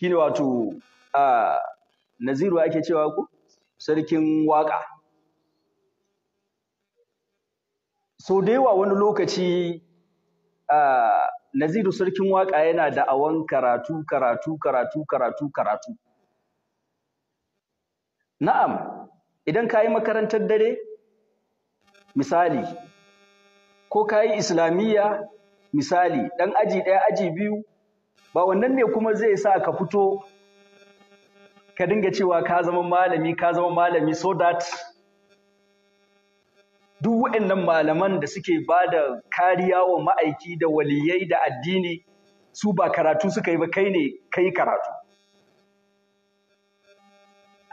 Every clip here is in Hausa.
shine wato a naziru ake cewa ko sarkin waka so da yawa wani lokaci a naziru sarkin waka yana da awan karatu karatu karatu karatu karatu na'am idan ka yi makarantar dare misali ko ka yi islamiyya misali ɗan aji ɗaya aji biyu ba wannan ne kuma zai sa ka fito ka dinga cewa ka zama malami ka zama malami so that duk wa'annan malaman da suke ba da kariya wa ma'aiki da waliyai da addini su ba karatu suka yi ba kai ne kai karatu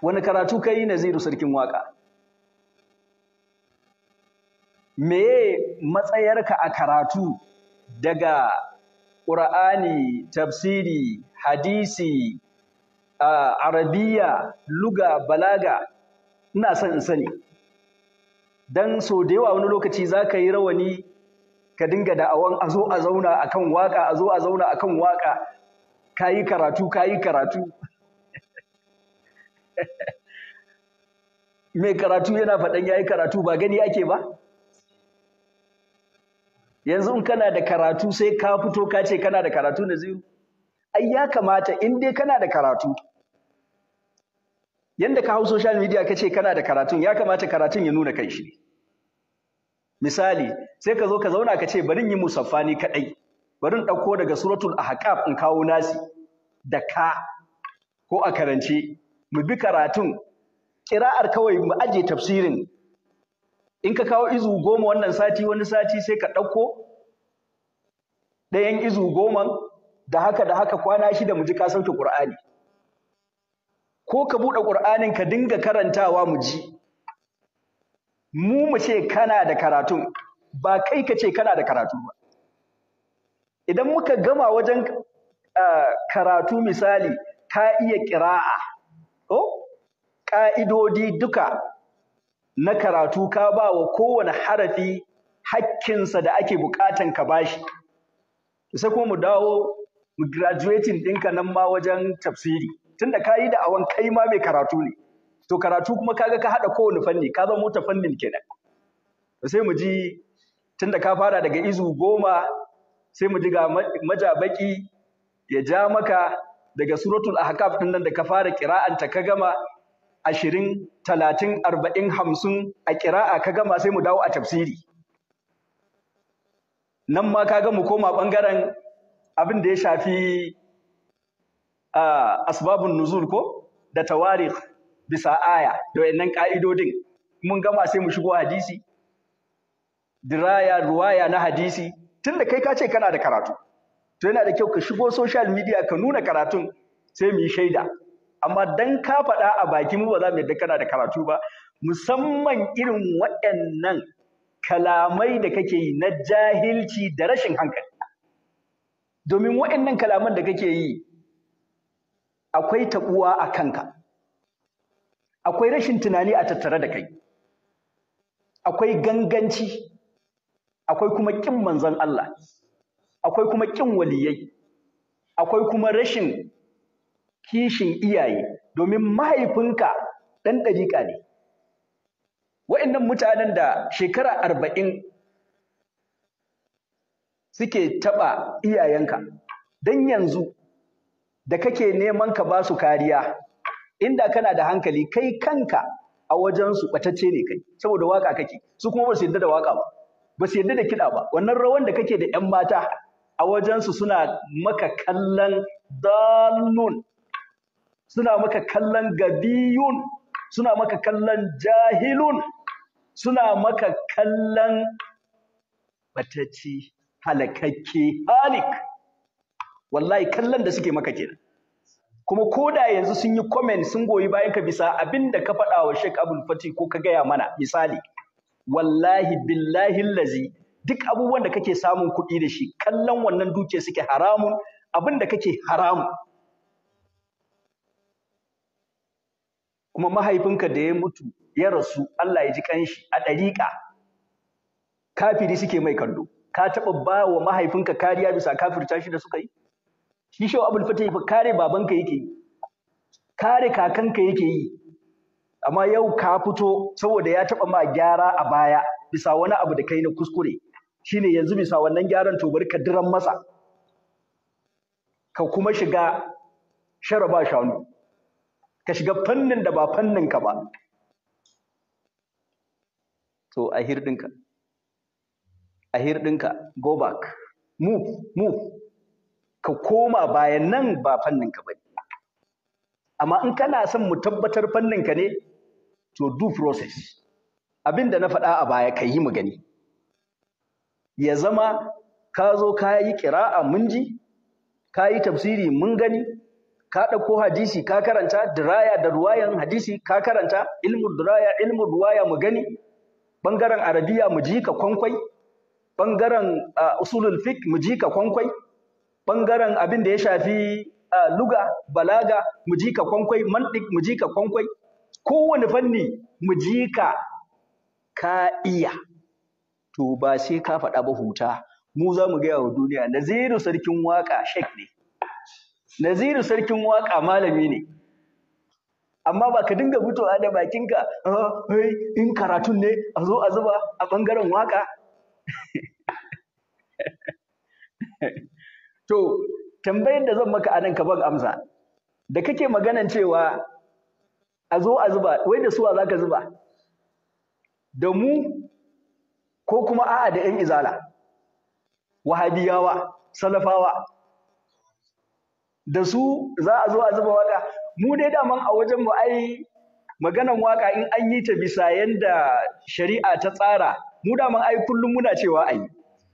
wani karatu kai naziru sarkin waka Me matsayarka a karatu daga Ƙur'ani, tafsiri, hadisi, arabiya, luga, balaga, ina son in sani. don so da yawa wani lokaci za ka yi rawani ka dinga da'awan a zo a zauna a kan waƙa, a zo a zauna a kan waƙa, ka yi karatu, ka yi karatu. Mai karatu yana faɗan ya yi karatu ba gani ake ba? yanzu in kana da karatu sai ka fito ka ce kana da karatu naziru ai ya kamata in dai kana da karatu yanda ka hau social media ka ce kana da karatun ya kamata karatun ya nuna kai shi misali sai ka zo ka zauna ka ce bari yi musaffa ni kaɗai bari in ɗauko daga suratul ahqaf in kawo nasi da ka ko a karance mu bi karatun kira'ar kawai mu aje tafsirin in ka kawo izu goma wannan sati wani sati sai ka ɗauko ɗayan izu goma da haka da haka kwana shida mu ji ka sauke ƙur'ani. ko ka buɗe ƙur'anin ka dinga karantawa mu ji mu mu ce kana da karatun ba kai ka ce kana da karatu ba idan muka gama wajen karatu misali ka iya ƙira'a ƙa'idodi duka na karatu ka ba wa kowane harafi hakkinsa da ake bukatan ka bashi sai kuma mu dawo mu graduating ɗinka nan ma wajen tafsiri tunda ka yi da awon kai ma mai karatu ne to karatu kuma kaga ka haɗa kowane fanni ka zama mota fannin kenan sai mu ji tunda ka fara daga izu goma sai mu ji ga majabaki ya ja maka daga suratul ahqaf din nan da ka fara kira'anta ka gama ashirin talatin arba'in hamsin a ƙira'a ka gama sai mu dawo a tafsiri nan ma ka mu koma ɓangaren abin da ya shafi asbabun nuzul ko da tawarik bisa aya da wannan ƙa'idodin mun gama sai mu shigo hadisi diraya ruwaya na hadisi tunda kai ka ce kana da karatu to yana da kyau ka shigo social media ka nuna karatun sai mu yi shaida amma dan ka faɗa a baki mu ba za mu yadda kana da karatu ba musamman irin waɗannan kalamai da kake yi na jahilci da rashin hankali domin waɗannan kalaman da kake yi akwai taɓuwa a kanka akwai rashin tunani a tattare da kai akwai ganganci akwai kuma ƙin manzon Allah akwai kuma ƙin waliyai akwai kuma rashin kishin iyaye domin mahaifinka ɗan ɗariƙa ne Waɗannan mutanen da shekara arba'in suke taɓa iyayenka don yanzu da kake neman ka ba su kariya inda kana da hankali kai kanka a wajensu ɓatacce ne kai saboda waƙa kake su kuma ba su yadda da waƙa ba ba su yadda da kiɗa ba wannan rawan da kake da 'yan mata a wajensu suna maka kallon dalun suna maka kallon gadiyun suna maka kallon jahilun suna maka kallon batacci halakakke halik wallahi kallon da suke maka kenan kuma ko da yanzu sun yi comment sun goyi bayan ka bisa abin da ka faɗa wa Sheikh Abdul Fatih ko ka gaya mana misali wallahi billahi lazi duk abubuwan da kake samun kuɗi da shi kallon wannan duke suke haramun abin da kake haramun kuma mahaifinka da ya mutu ya rasu Allah ya ji kanshi a ɗariƙa kafiri suke mai kallo ka taɓa ba wa mahaifinka kariya bisa kafirta shi da suka yi shi shau abul fatih fa kare babanka yake yi kare kakanka yake yi amma yau ka fito saboda ya taɓa ma gyara a baya bisa wani abu da kai na kuskure shine yanzu bisa wannan gyaran to bari ka diran masa ka kuma shiga sharaba shanu ka shiga fannin da ba fannin ka ba to a hirɗinka a hirɗinka go back move move ka koma bayan nan ba fannin ka ba amma in kana son mu tabbatar fannin ka ne to do process abin da na faɗa a baya ka yi mu gani ya zama ka zo ka yi ƙira'a mun ji ka yi tafsiri mun gani ka ɗauko hadisi ka karanta diraya da ruwayan hadisi ka karanta ilmu diraya ilmu ruwaya mu gani ɓangaren arabiya mu ji ka kwankwai ɓangaren usulul fiqh mu ji ka kwankwai ɓangaren abin da ya shafi luga balaga mu ji ka kwankwai mantik mu ji ka kwankwai kowane fanni mu ji ka ka iya to ba sai ka faɗa ba huta mu za mu gaya wa duniya naziru sarkin waƙa shek ne naziru sarkin waƙa malami ne amma ba ka dinga fitowa da bakinka oh, in karatun ne a zo a zuba a ɓangaren waka to tambayar da zan maka anan ka ban amsa da kake maganan cewa a zo a zuba wai da suwa za ka zuba da mu ko kuma a'a da 'yan izala Wahadiyawa, salafawa da su za a zo a zuba waka mu dai daman a wajen mu ai maganan waka in an yi ta bisa yanda shari'a ta tsara mu daman ai kullum muna cewa ai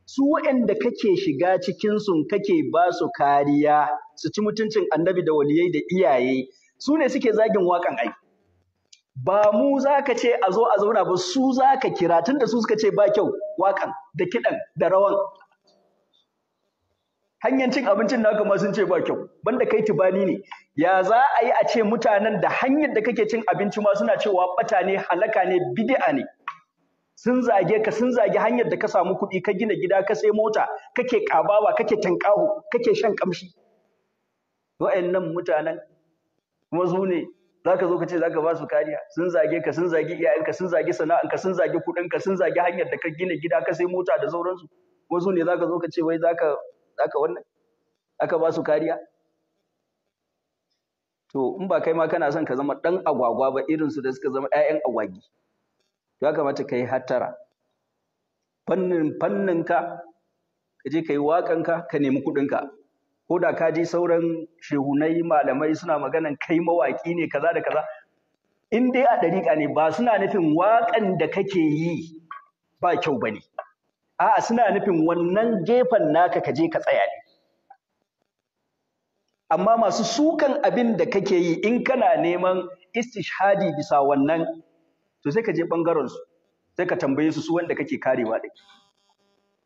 su waɗanda kake shiga cikin sun kake ba su kariya su ci mutuncin annabi da waliyai da iyaye su ne suke zagin wakan ai ba mu za ka ce a zo a zauna ba su za ka kira tun da su suka ce ba kyau wakan da kiɗan da rawan hanyar cin abincin naka ma sun ce ba kyau banda kai tubani ne ya za a yi a ce mutanen da hanyar da kake cin abinci ma suna cewa bata ne halaka ne bid'a ne sun zage ka sun zage hanyar da ka samu kuɗi ka gina gida ka sai mota kake kabawa kake tankaho kake shan kamshi wa'annan mutanen kuma su ne ka zo ka ce ka ba su kariya sun zage ka sun zage iyayenka sun zage sana'anka sun zage kuɗinka sun zage hanyar da ka gina gida ka sai mota da sauransu wasu ne ka zo ka ce wai za ka. zaka wannan aka ba su kariya to in ba kai ma kana son ka zama dan agwagwa ba irin su da suka zama ƴaƴan agwagi ya kamata kai hattara fannin fannin ka ka je kai wakan ka ka nemi kuɗin ka ko da ka ji sauran shehunai malamai suna maganan kai mawaki ne kaza da kaza in dai a dariƙa ne ba suna nufin waƙan da kake yi ba kyau bane a'a suna nufin wannan gefen naka ka je ka tsaya ne amma masu sukan abin da kake yi in kana neman istishhadi bisa wannan to sai ka je bangaren sai ka tambaye su su wanda kake karewa da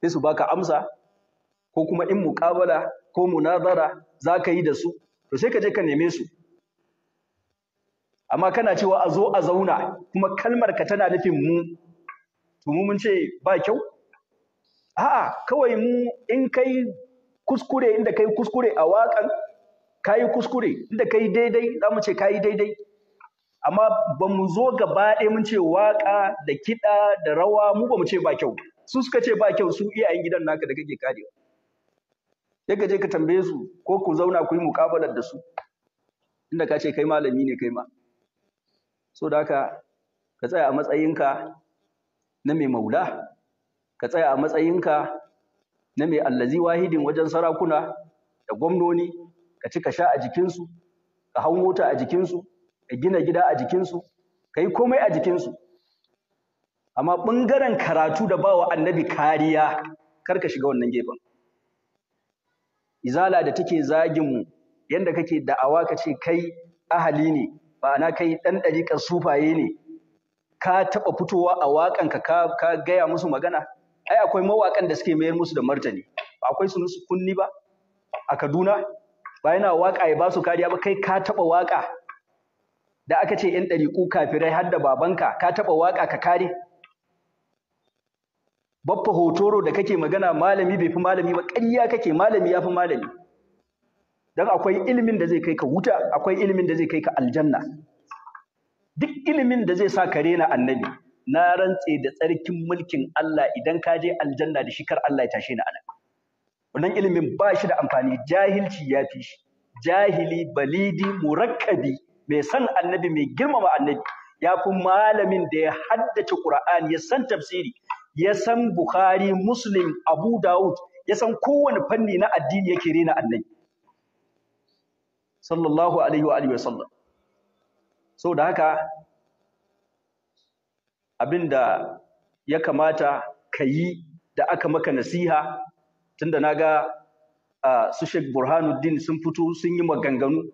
sai su baka amsa ko kuma in muƙabala ko munazara za ka yi da su to sai ka je ka neme su amma kana cewa a zo a zauna kuma kalmar ka tana nufin mu to mu mun ce ba kyau a'a kawai mu in kai kuskure inda kai kuskure a waƙan kayi kuskure inda kai daidai za mu ce yi daidai amma ba mu zo gaba ɗaya mun ce waƙa da kiɗa da rawa mu ba mu ce ba kyau su suka ce ba kyau su iyayen gidan naka da kake karewa Ya je ka tambaye su ko ku zauna ku yi muƙabalar da su inda ka ce kai malami ne kai ma so da haka ka tsaya a matsayinka na mai maula ka tsaya a matsayinka na mai allazi wahidin wajen sarakuna da gwamnoni ka ci ka sha a jikinsu ka hau mota a jikinsu ka gina gida a jikinsu ka yi komai a jikinsu amma ɓangaren karatu da bawa annabi kariya kar ka shiga wannan gefen izala da take zagin mu yanda kake da'awa ka ce kai ahali ne ma'ana kai ɗan ɗariƙar sufaye ne ka taɓa fitowa a waƙanka ka gaya musu magana ai akwai mawaƙan da suke mayar musu da martani ba akwai su musu kunni ba a Kaduna ba yana waƙa ya ba su kariya ba kai ka taɓa waƙa da aka ce ‘yan ɗariƙu kafirai har da babanka ka taɓa waƙa ka kare baffa hotoro da kake magana malami bai fi malami ba ƙarya kake malami ya fi malami don akwai ilimin da zai kai ka wuta akwai ilimin da zai kai ka aljanna duk ilimin da zai sa ka rena annabi na rantse da tsarkin mulkin Allah idan ka je aljanna da shi kar Allah ya tashe ni anan wannan ilimin ba shi da amfani jahilci ya fi shi jahili balidi murakkabi mai san annabi mai girmama annabi ya fi malamin da ya haddace Qur'an ya san tafsiri ya san Bukhari Muslim Abu Dawud ya san kowane fanni na addini yake rena annabi sallallahu alaihi wa sallam so da haka abin da ya kamata ka yi da aka maka nasiha tunda na ga su Sheikh Burhanuddin sun fito sun yi maganganu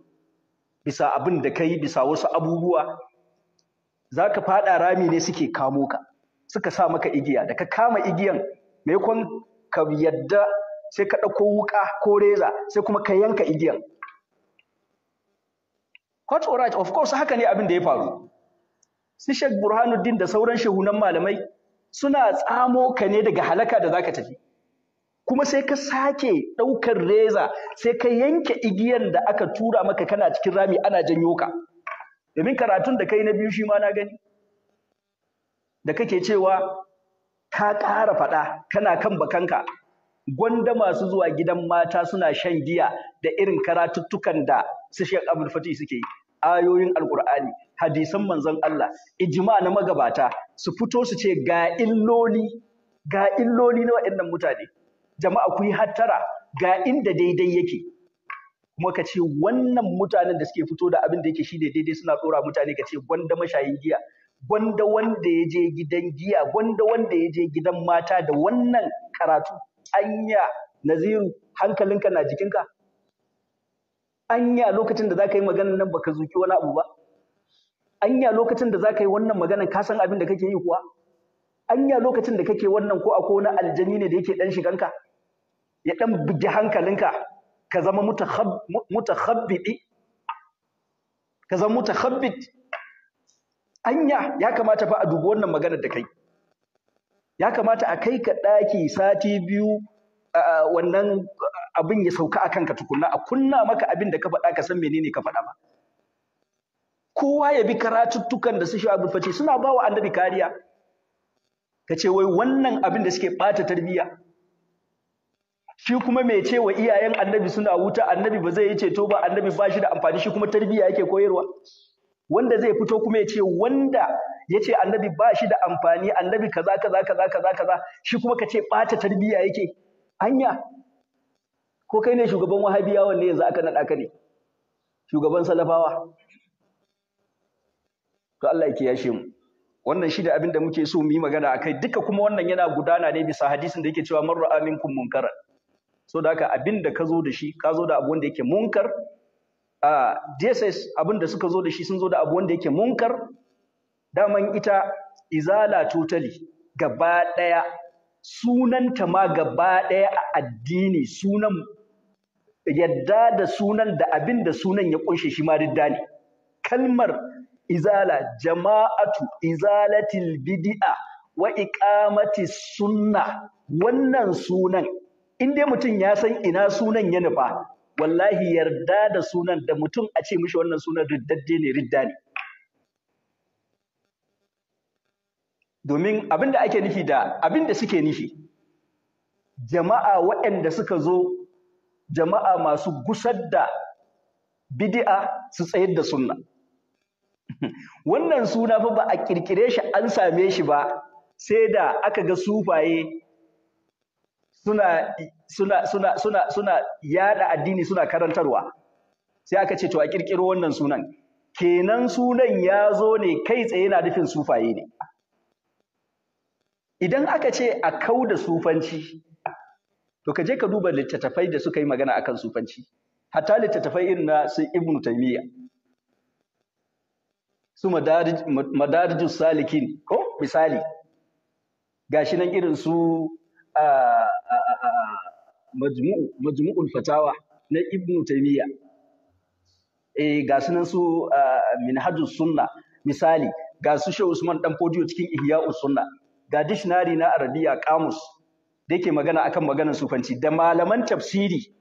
bisa abin da ka yi bisa wasu abubuwa za ka faɗa rami ne suke kamo ka suka sa maka igiya da ka kama igiyan maimakon ka yadda sai ka ɗauko wuƙa ko reza sai kuma ka yanka igiyan court of course haka ne abin da ya faru su Sheikh Burhanuddin da sauran shehunan malamai suna tsamo ka ne daga halaka da zaka tafi kuma sai ka sake ɗaukar reza sai ka yanke igiyar da aka tura maka kana cikin rami ana janyo ka domin karatun da kai na biyu shi ma na gani da kake cewa ka ƙara faɗa kana kan bakanka gwanda masu zuwa gidan mata suna shan giya da irin karatuttukan da su Sheikh Abdul suke yi ayoyin Alƙur'ani hadisan manzon Allah ijma na magabata su fito su ce ga illoli ga illoli na waɗannan mutane jama'a ku yi hattara ga inda daidai yake ka ce wannan mutanen da suke fito da abin da yake shine daidai suna tsora mutane ka ce gwanda mashayin giya gwanda wanda ya je gidan giya gwanda wanda ya je gidan mata da wannan karatu anya naziru hankalinka na jikinka anya lokacin da za ka yi magana nan baka zuki wani abu ba anya lokacin da zaka yi wannan maganan ka san abin da kake yi kuwa anya lokacin da kake wannan ko akwai wani aljani ne da yake dan shiganka ya dan bugi hankalinka ka zama mutakhabbidi ka zama mutakhabbid anya ya kamata fa a dubi wannan maganar da kai ya kamata a kai ka ɗaki sati biyu wannan abin ya sauka akan ka tukunna a kunna maka abin da ka faɗa ka san menene ka faɗa ba kowa ya bi karatuttukan da su shi abin face suna ba wa annabi kariya ka ce wai wannan abin da suke ɓata tarbiyya shi kuma mai ce wa iyayen annabi suna wuta annabi ba zai yi ceto ba annabi ba shi da amfani shi kuma tarbiyya yake koyarwa wanda zai fito kuma ya ce wanda ya ce annabi ba shi da amfani annabi kaza kaza kaza kaza kaza shi kuma ka ce ɓata tarbiyya yake hanya ko kai ne shugaban wahabiyawan ne yanzu aka naɗa ka ne shugaban salafawa to Allah yake yashe mu wannan shi da abin da muke so mu yi magana akai duka kuma wannan yana gudana ne bisa hadisin da yake cewa man ra'a minkum munkaran so da haka abin da ka zo da shi ka zo da abu wanda yake munkar a DSS abin da suka zo da shi sun zo da abu wanda yake munkar daman ita izala totally gaba daya sunanta ma gaba daya a addini sunan yadda da sunan da abin da sunan ya kunshe shi ma ridda kalmar izala jama'atu izalatil bid'a wa iqamati sunna wannan sunan in dai mutum ya san ina sunan ya nufa wallahi yarda da sunan da mutum a ce mishi wannan sunan riddadde ne ridda ne domin abin da ake nufi da abin da suke nufi jama'a waɗanda suka zo jama'a masu gusar da bid'a su tsayar da sunna wannan suna fa ba a kirkire shi an same shi ba sai da aka ga sufaye suna suna suna suna suna yada addini suna karantarwa sai aka ce to a kirkiro wannan sunan kenan sunan ya zo ne kai tsaye yana nufin sufaye ne idan aka ce a kau da sufanci to ka je ka duba littattafai da suka yi magana akan sufanci hatta littattafai irin na su ibnu taymiya su madarijin salikin ko misali gashi nan irin su majmu'ul fatawa na ibnu taymiya eh ga su nan su minhajus sunna misali ga su shehu usman dan fodiyo cikin ihya'us sunna ga dictionary na arabiya kamus da yake magana akan maganar sufanci da malaman tafsiri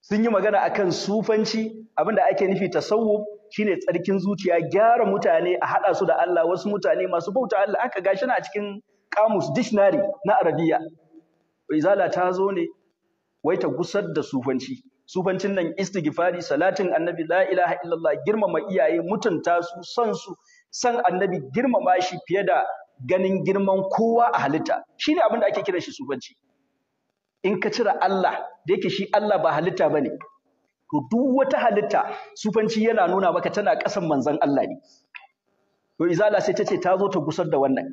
sun yi magana akan sufanci abinda ake nufi tasawuf shine tsarkin zuciya gyara mutane a haɗa su da Allah wasu mutane masu bauta Allah aka gashi na cikin kamus dictionary na arabiya izala ta zo ne wai ta gusar da sufanci sufancin nan istighfari salatin annabi la ilaha illallah girmama iyaye mutunta su san su san annabi girmama shi fiye da ganin girman kowa a halitta shine abin da ake kiran shi sufanci in ka cire Allah da yake shi Allah ba halitta bane to duk wata halitta sufanci yana nuna maka tana ƙasan manzon Allah ne to izala sai ta ce ta zo ta gusar da wannan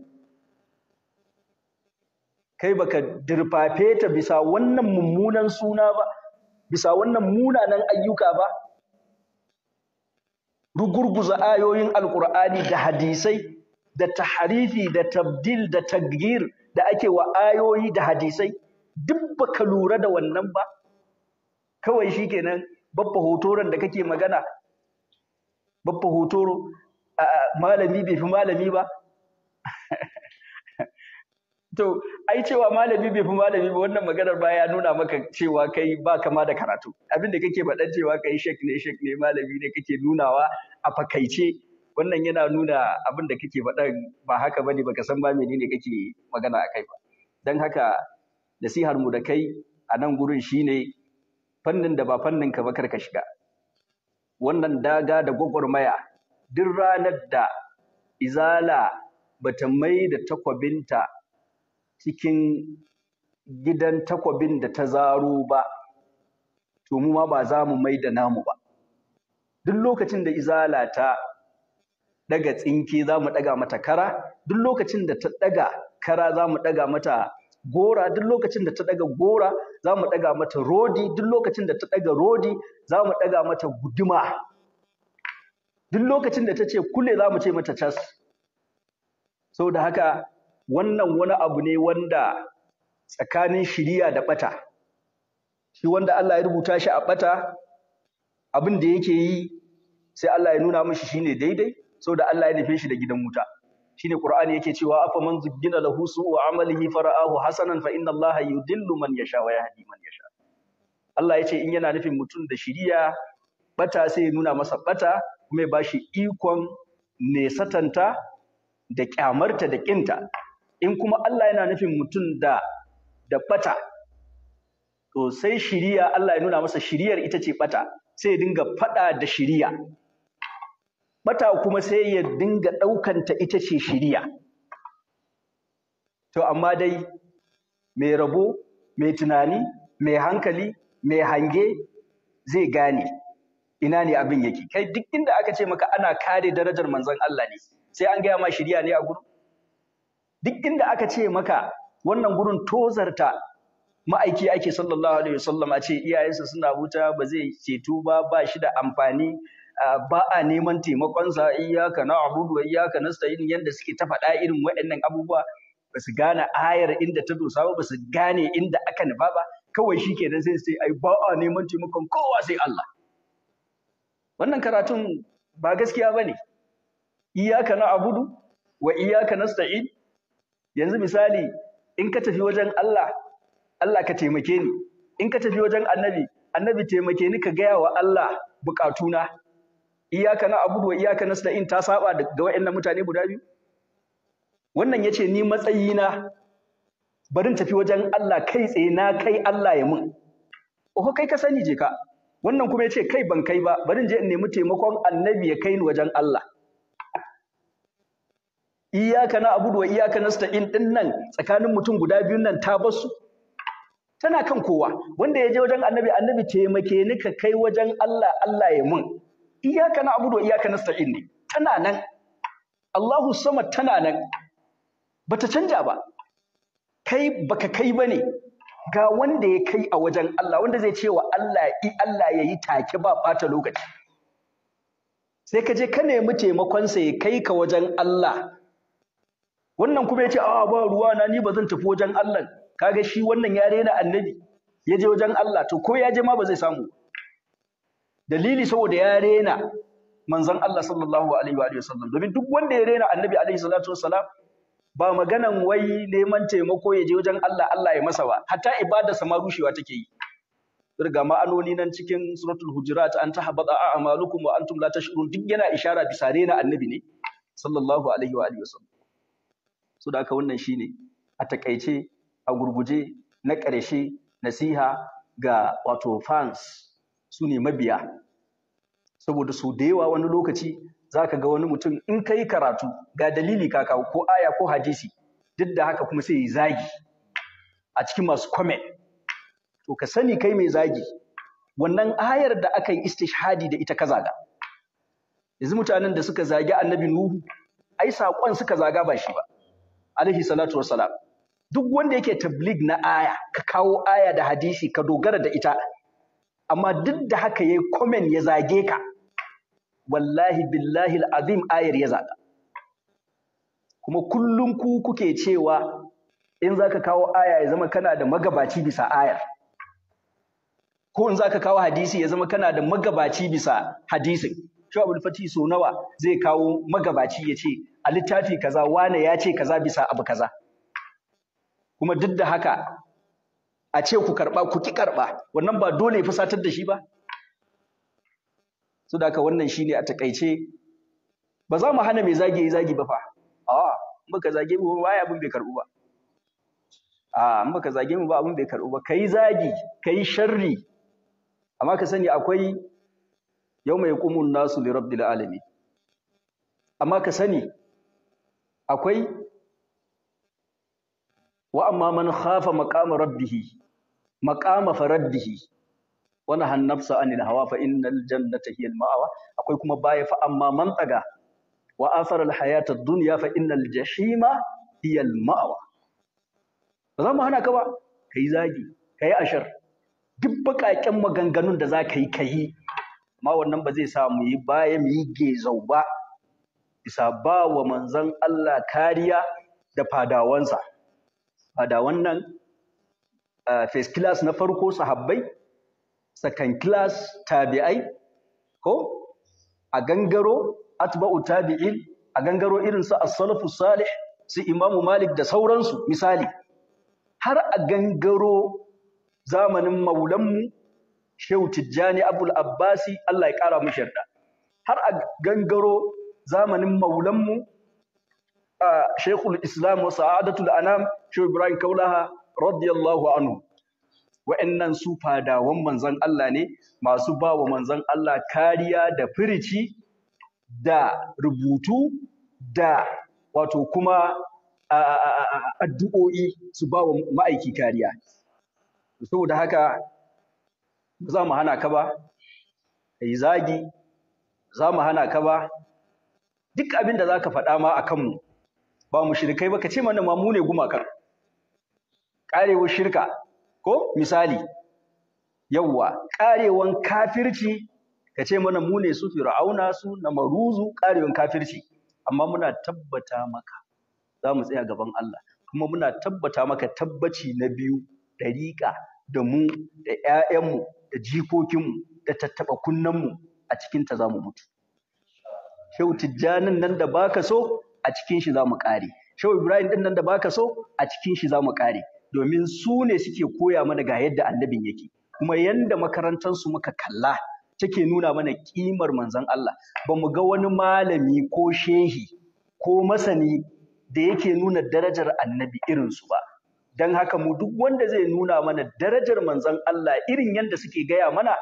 kai baka dirfafe ta bisa wannan mummunan suna ba bisa wannan munanan ayyuka ba rugurguza ayoyin alkur'ani da hadisai da taharifi da tabdil da tagir da ake wa ayoyi da hadisai duk baka lura da wannan ba kawai shikenan Babba hotoron da kake magana baffa hotoro malami bai fi malami ba to ai cewa malami bai fi malami ba wannan maganar ba ya nuna maka cewa kai ba kama da karatu abin da kake faɗan cewa kai shek ne shek ne malami ne kake nunawa a fakaice wannan yana nuna abin da kake faɗan ba haka bane baka san ba menene kake magana akai ba dan haka nasihar mu da kai a nan gurin shine fannin da ba fannin ka ba karka shiga wannan daga da gwagwarmaya duk ranar da izala bata mai da takwabinta cikin gidan takwabin da ta zaro ba to mu ma ba za mu mai da namu ba duk lokacin da izala ta daga tsinki za mu daga mata kara duk lokacin da ta daga kara za mu daga mata gora duk lokacin da ta daga gora za mu daga mata rodi duk lokacin da ta daga rodi za mu daga mata guduma duk lokacin da ta ce kule za mu ce mata cas saboda haka wannan wani abu ne wanda tsakanin shiriya da bata shi wanda Allah ya rubuta shi a bata abin da yake yi sai Allah ya nuna mishi shine daidai saboda Allah ya nufe shi da gidan wuta shine qur'ani yake cewa afa man zuggina lahu su'u amalihi fara'ahu hasanan fa inna allaha yudillu man yasha wa yahdi man yasha Allah ya in yana nufin mutum da shiriya bata sai ya nuna masa bata kuma ya bashi ikon satanta da kyamarta da kinta in kuma Allah yana nufin mutum da da bata to sai shiriya Allah ya nuna masa shiriyar ita ce bata sai ya dinga fada da shiriya bata kuma sai ya dinga ɗaukanta ita ce shiriya to amma dai mai rabo mai tunani mai hankali mai hange zai gane ina ne abin yake kai duk inda aka ce maka ana kare darajar manzon Allah ne sai an gaya ma shiriya ne a gurin duk inda aka ce maka wannan gurin tozarta ma'aiki ake sallallahu alaihi wasallam a ce iyayensa suna wuta ba zai ceto ba ba shi da amfani ba a neman taimakonsa na abudu wa na nasta'in yanda suke ta faɗa irin waɗannan abubuwa ba su gane ayar inda ta dosa ba su gane inda aka nufa ba kawai shi ke sai su ai ba a neman taimakon kowa sai Allah wannan karatun ba gaskiya ba ne na abudu wa na nasta'in yanzu misali in ka tafi wajen Allah Allah ka taimake ni in ka tafi wajen annabi annabi taimake ni ka gaya wa Allah bukatuna iyaka na abudu wa iyaka sada'in ta saba ga waɗannan mutane guda biyu wannan yace ni matsayina barin tafi wajen Allah kai tsaye na kai Allah ya mun oho kai ka sani je ka wannan kuma yace kai ban kai ba barin je in nemi taimakon annabi ya kai ni wajen Allah iyaka na abudu wa iyaka sada'in din nan tsakanin mutum guda biyu nan ta basu tana kan kowa wanda ya je wajen annabi annabi taimake ni ka kai wajen Allah Allah ya mun na Abudu wa na nasta'in ne tana nan Allahu sama tana nan bata canja ba kai baka kai bane ga wanda ya kai a wajen Allah wanda zai ce wa Allah i Allah yayi take ba bata lokaci sai ka je ka nemi taimakon sa ya kai ka wajen Allah wannan kuma yace a ba ruwa na ni bazan tafi wajen Allah kaga shi wannan ya rena annabi ya je wajen Allah to ko ya je ma ba zai samu ba dalili saboda ya rena manzon Allah sallallahu alaihi wa wasallam domin duk wanda ya rena annabi alaihi salatu wassalam ba maganan wai neman taimako ya je wajen Allah Allah ya masa ba hatta ibada sama rushewa take yi riga ma'anoni nan cikin suratul hujurat an tahabbata a'malukum wa antum la tash'urun duk yana ishara bisa rena annabi ne sallallahu alaihi wa alihi wasallam so da haka wannan shine a takaice a gurguje na ƙarshe nasiha ga wato fans su ne mabiya saboda su da yawa wani lokaci za ka ga wani mutum in ka yi karatu ga dalili ka kawo ko aya ko hadisi duk da haka kuma sai ya zagi a cikin masu comment to ka sani kai mai zagi wannan ayar da aka yi istishhadi da ita ka zaga yanzu mutanen da suka zagi annabi nuhu ai saƙon suka zaga ba shi ba alaihi salatu wassalam duk wanda yake tablig na aya ka kawo aya da hadisi ka dogara da ita amma duk da haka yayi comment ya zage ka wallahi billahi al'azim ayar ya zaga kuma kullum ku kuke cewa in zaka kawo aya ya zama kana da magabaci bisa ayar ko in zaka kawo hadisi ya zama kana da magabaci bisa hadisin Shu'abul Fati so nawa zai kawo magabaci ya ce a littafi kaza wane ya ce kaza bisa abu kaza kuma duk da haka a ce ku karɓa ku ki karɓa wannan ba dole ya fusatar da shi ba su da haka wannan shine a taƙaice. ba za mu hana mai zagi zagi ba fa a baka zage mu ba ya abin bai karɓu ba a baka zage mu ba abin bai karɓu ba kai zagi kai sharri amma ka sani akwai yau mai nasu li rabbil alamin amma ka sani akwai wa amma man khafa maqama rabbih maqama faraddihi wa nahan nafsa anil hawa fa innal jannata hiya al ma'awa akwai kuma baya fa amma man tsaga wa athara al hayata ad dunya fa innal jahima hiya al ma'awa ba za mu hana ka ba kai zagi kai ashar duk bakaken maganganun da za ka yi ka yi ma wannan ba zai sa mu yi baya mu yi gezau ba Isa ba wa manzon Allah kariya da fadawansa da wannan first class na farko sahabbai second class tabi'ai ko a gangaro atba'u tabi'in a gangaro irin su as-salafu salih su imamu malik da sauransu misali har a gangaro zamanin maulanmu shehu tijjani abul abbasi Allah ya kara mu yarda har a gangaro zamanin maulanmu shaykhul islam wa sa'adatul anam shehu ibrahim kaulaha radiyallahu anhu wa'annan su fadawan manzon Allah ne masu ba wa manzon Allah kariya da firici da rubutu da wato kuma addu'o'i su ba wa ma'aiki kariya saboda haka za mu hana ka ba zagi za mu hana ka ba duk abin da za ka faɗa ma a kanmu ba mu shirkai ba ka ce mana ma mu ne gumakan karewar shirka ko misali yawwa karewan kafirci ka ce mana mu ne su fir'auna su na maruzu karewan kafirci amma muna tabbata maka za mu tsaya gaban Allah kuma muna tabbata maka tabbaci na biyu dariƙa da mu da ƴaƴanmu da jikokinmu da tattaɓa mu a cikinta za mu mutu. Shehu tijjanin nan da baka so a cikin shi za mu ƙare shehu ibrahim ɗin nan da baka so a cikin shi za mu ƙare domin su ne suke koya mana ga yadda annabin yake kuma yanda su muka kalla take nuna mana ƙimar manzon Allah ba mu ga wani malami ko shehi ko masani da yake nuna darajar annabi irinsu ba don haka mu duk wanda zai nuna mana darajar manzon Allah irin yadda suke gaya mana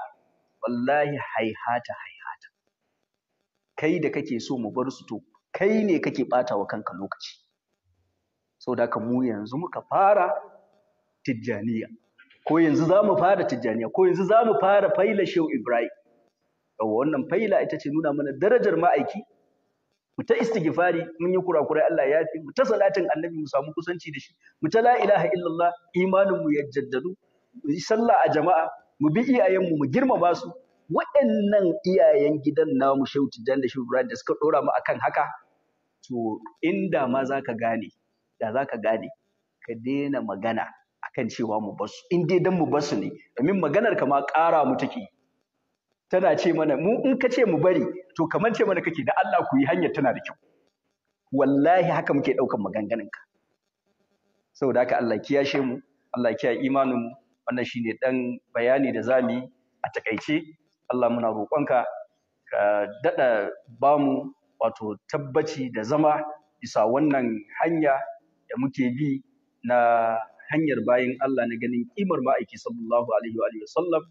wallahi haihata haihata kai da kake so mu bar su to kai ne kake ɓata wa kanka lokaci sau da ka mu yanzu muka fara tijjaniya ko yanzu za mu fara tijjaniya ko yanzu za mu fara faila shehu ibrahim yawa wannan faila ita ce nuna mana darajar ma'aiki mu ta istighfari mun yi kurakurai Allah ya fi mu ta salatin annabi mu samu kusanci da shi mu ta la ilaha illallah imanin mu ya jaddadu mu yi sallah a jama'a mu bi iyayenmu mu girmama su waɗannan iyayen gidan namu shehu tijjani da shehu ibrahim da suka ɗora mu akan haka To inda ma za ka gane da za ka gane ka daina magana akan cewa mu basu in dai dan mu basu ne domin maganar ka ma ƙara mu take tana ce mana mu in ka ce mu bari to kamar ce mana kake da Allah ku yi hanyar tana da kyau wallahi haka muke ɗaukan maganganun ka saboda haka Allah ki kiyashe mu Allah kiyaye imanin mu wannan shine dan bayani da zamu yi a takaice Allah muna roƙonka ka daɗa bamu wato tabbaci da zama bisa wannan hanya da muke bi na hanyar bayan Allah na ganin ƙimar ma'aiki sallallahu alaihi wa sallam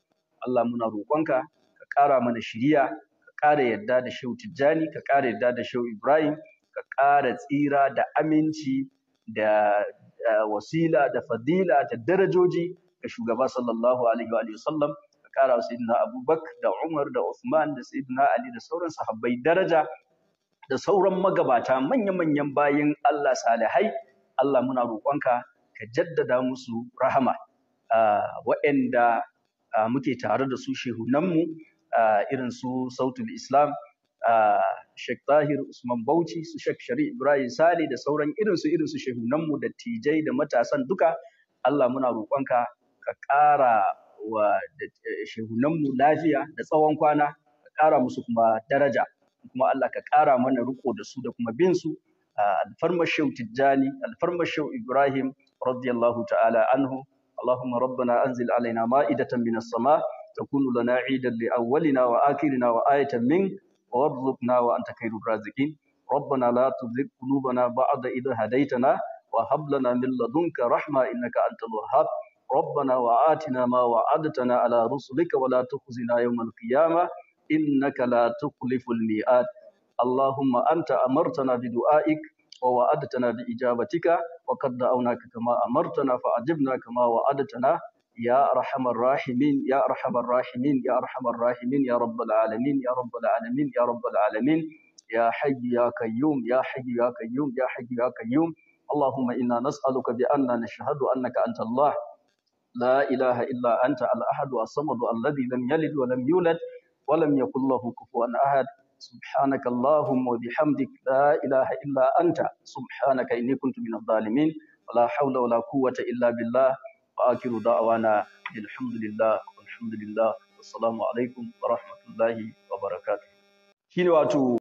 Allah muna roƙonka ka ƙara mana shiriya ka ƙara yarda da Shehu Tijjani ka ƙara yarda da Shehu Ibrahim ka ƙara tsira da aminci da wasila da fadila da darajoji ga shugaba sallallahu alaihi wa sallam ka ƙara wa sayyidina Abubakar da Umar da Uthman da sayyidina Ali da sauran sahabbai daraja da sauran magabata manya-manyan bayin Allah salihai Allah muna roƙonka ka jaddada musu rahama waɗanda muke tare da su shehunanmu irin su sautul islam Sheikh Tahir Usman Bauchi su Sheikh Shari Ibrahim Sale da sauran irin su-irin su shehunanmu da tijai da matasan duka Allah muna roƙonka ka ƙara wa eh, shehunanmu lafiya da tsawon kwana ka ƙara musu kuma daraja kuma Allah ka ƙara mana riko da su da kuma bin su alfarmar shau tijjani alfarmar shau ibrahim radiyallahu ta'ala anhu اللهم ربنا أنزل علينا مائدة من السماء تكون لنا عيدا لأولنا وآخرنا وآية منك وارزقنا وأنت خير الرازقين ربنا لا تزغ قلوبنا بعد إذ هديتنا وهب لنا من لدنك رحمة إنك أنت الوهاب ربنا وآتنا ما وعدتنا على رسلك ولا تخزنا يوم القيامة إنك لا تخلف الميعاد اللهم أنت أمرتنا بدعائك ووعدتنا بإجابتك وقد دعوناك كما أمرتنا فأجبنا كما وعدتنا يا أرحم الراحمين يا أرحم الراحمين يا أرحم الراحمين يا رب العالمين يا رب العالمين يا رب العالمين يا حي يا قيوم يا حي يا قيوم يا حي يا قيوم اللهم إنا نسألك بأننا نشهد أنك أنت الله لا إله إلا أنت الأحد الصمد الذي لم يلد ولم يولد ولم يكن له كفوا أحد سبحانك اللهم وبحمدك لا إله إلا أنت سبحانك إني كنت من الظالمين ولا حول ولا قوة إلا بالله وآخر دعوانا الحمد لله والحمد لله والسلام عليكم ورحمة الله وبركاته.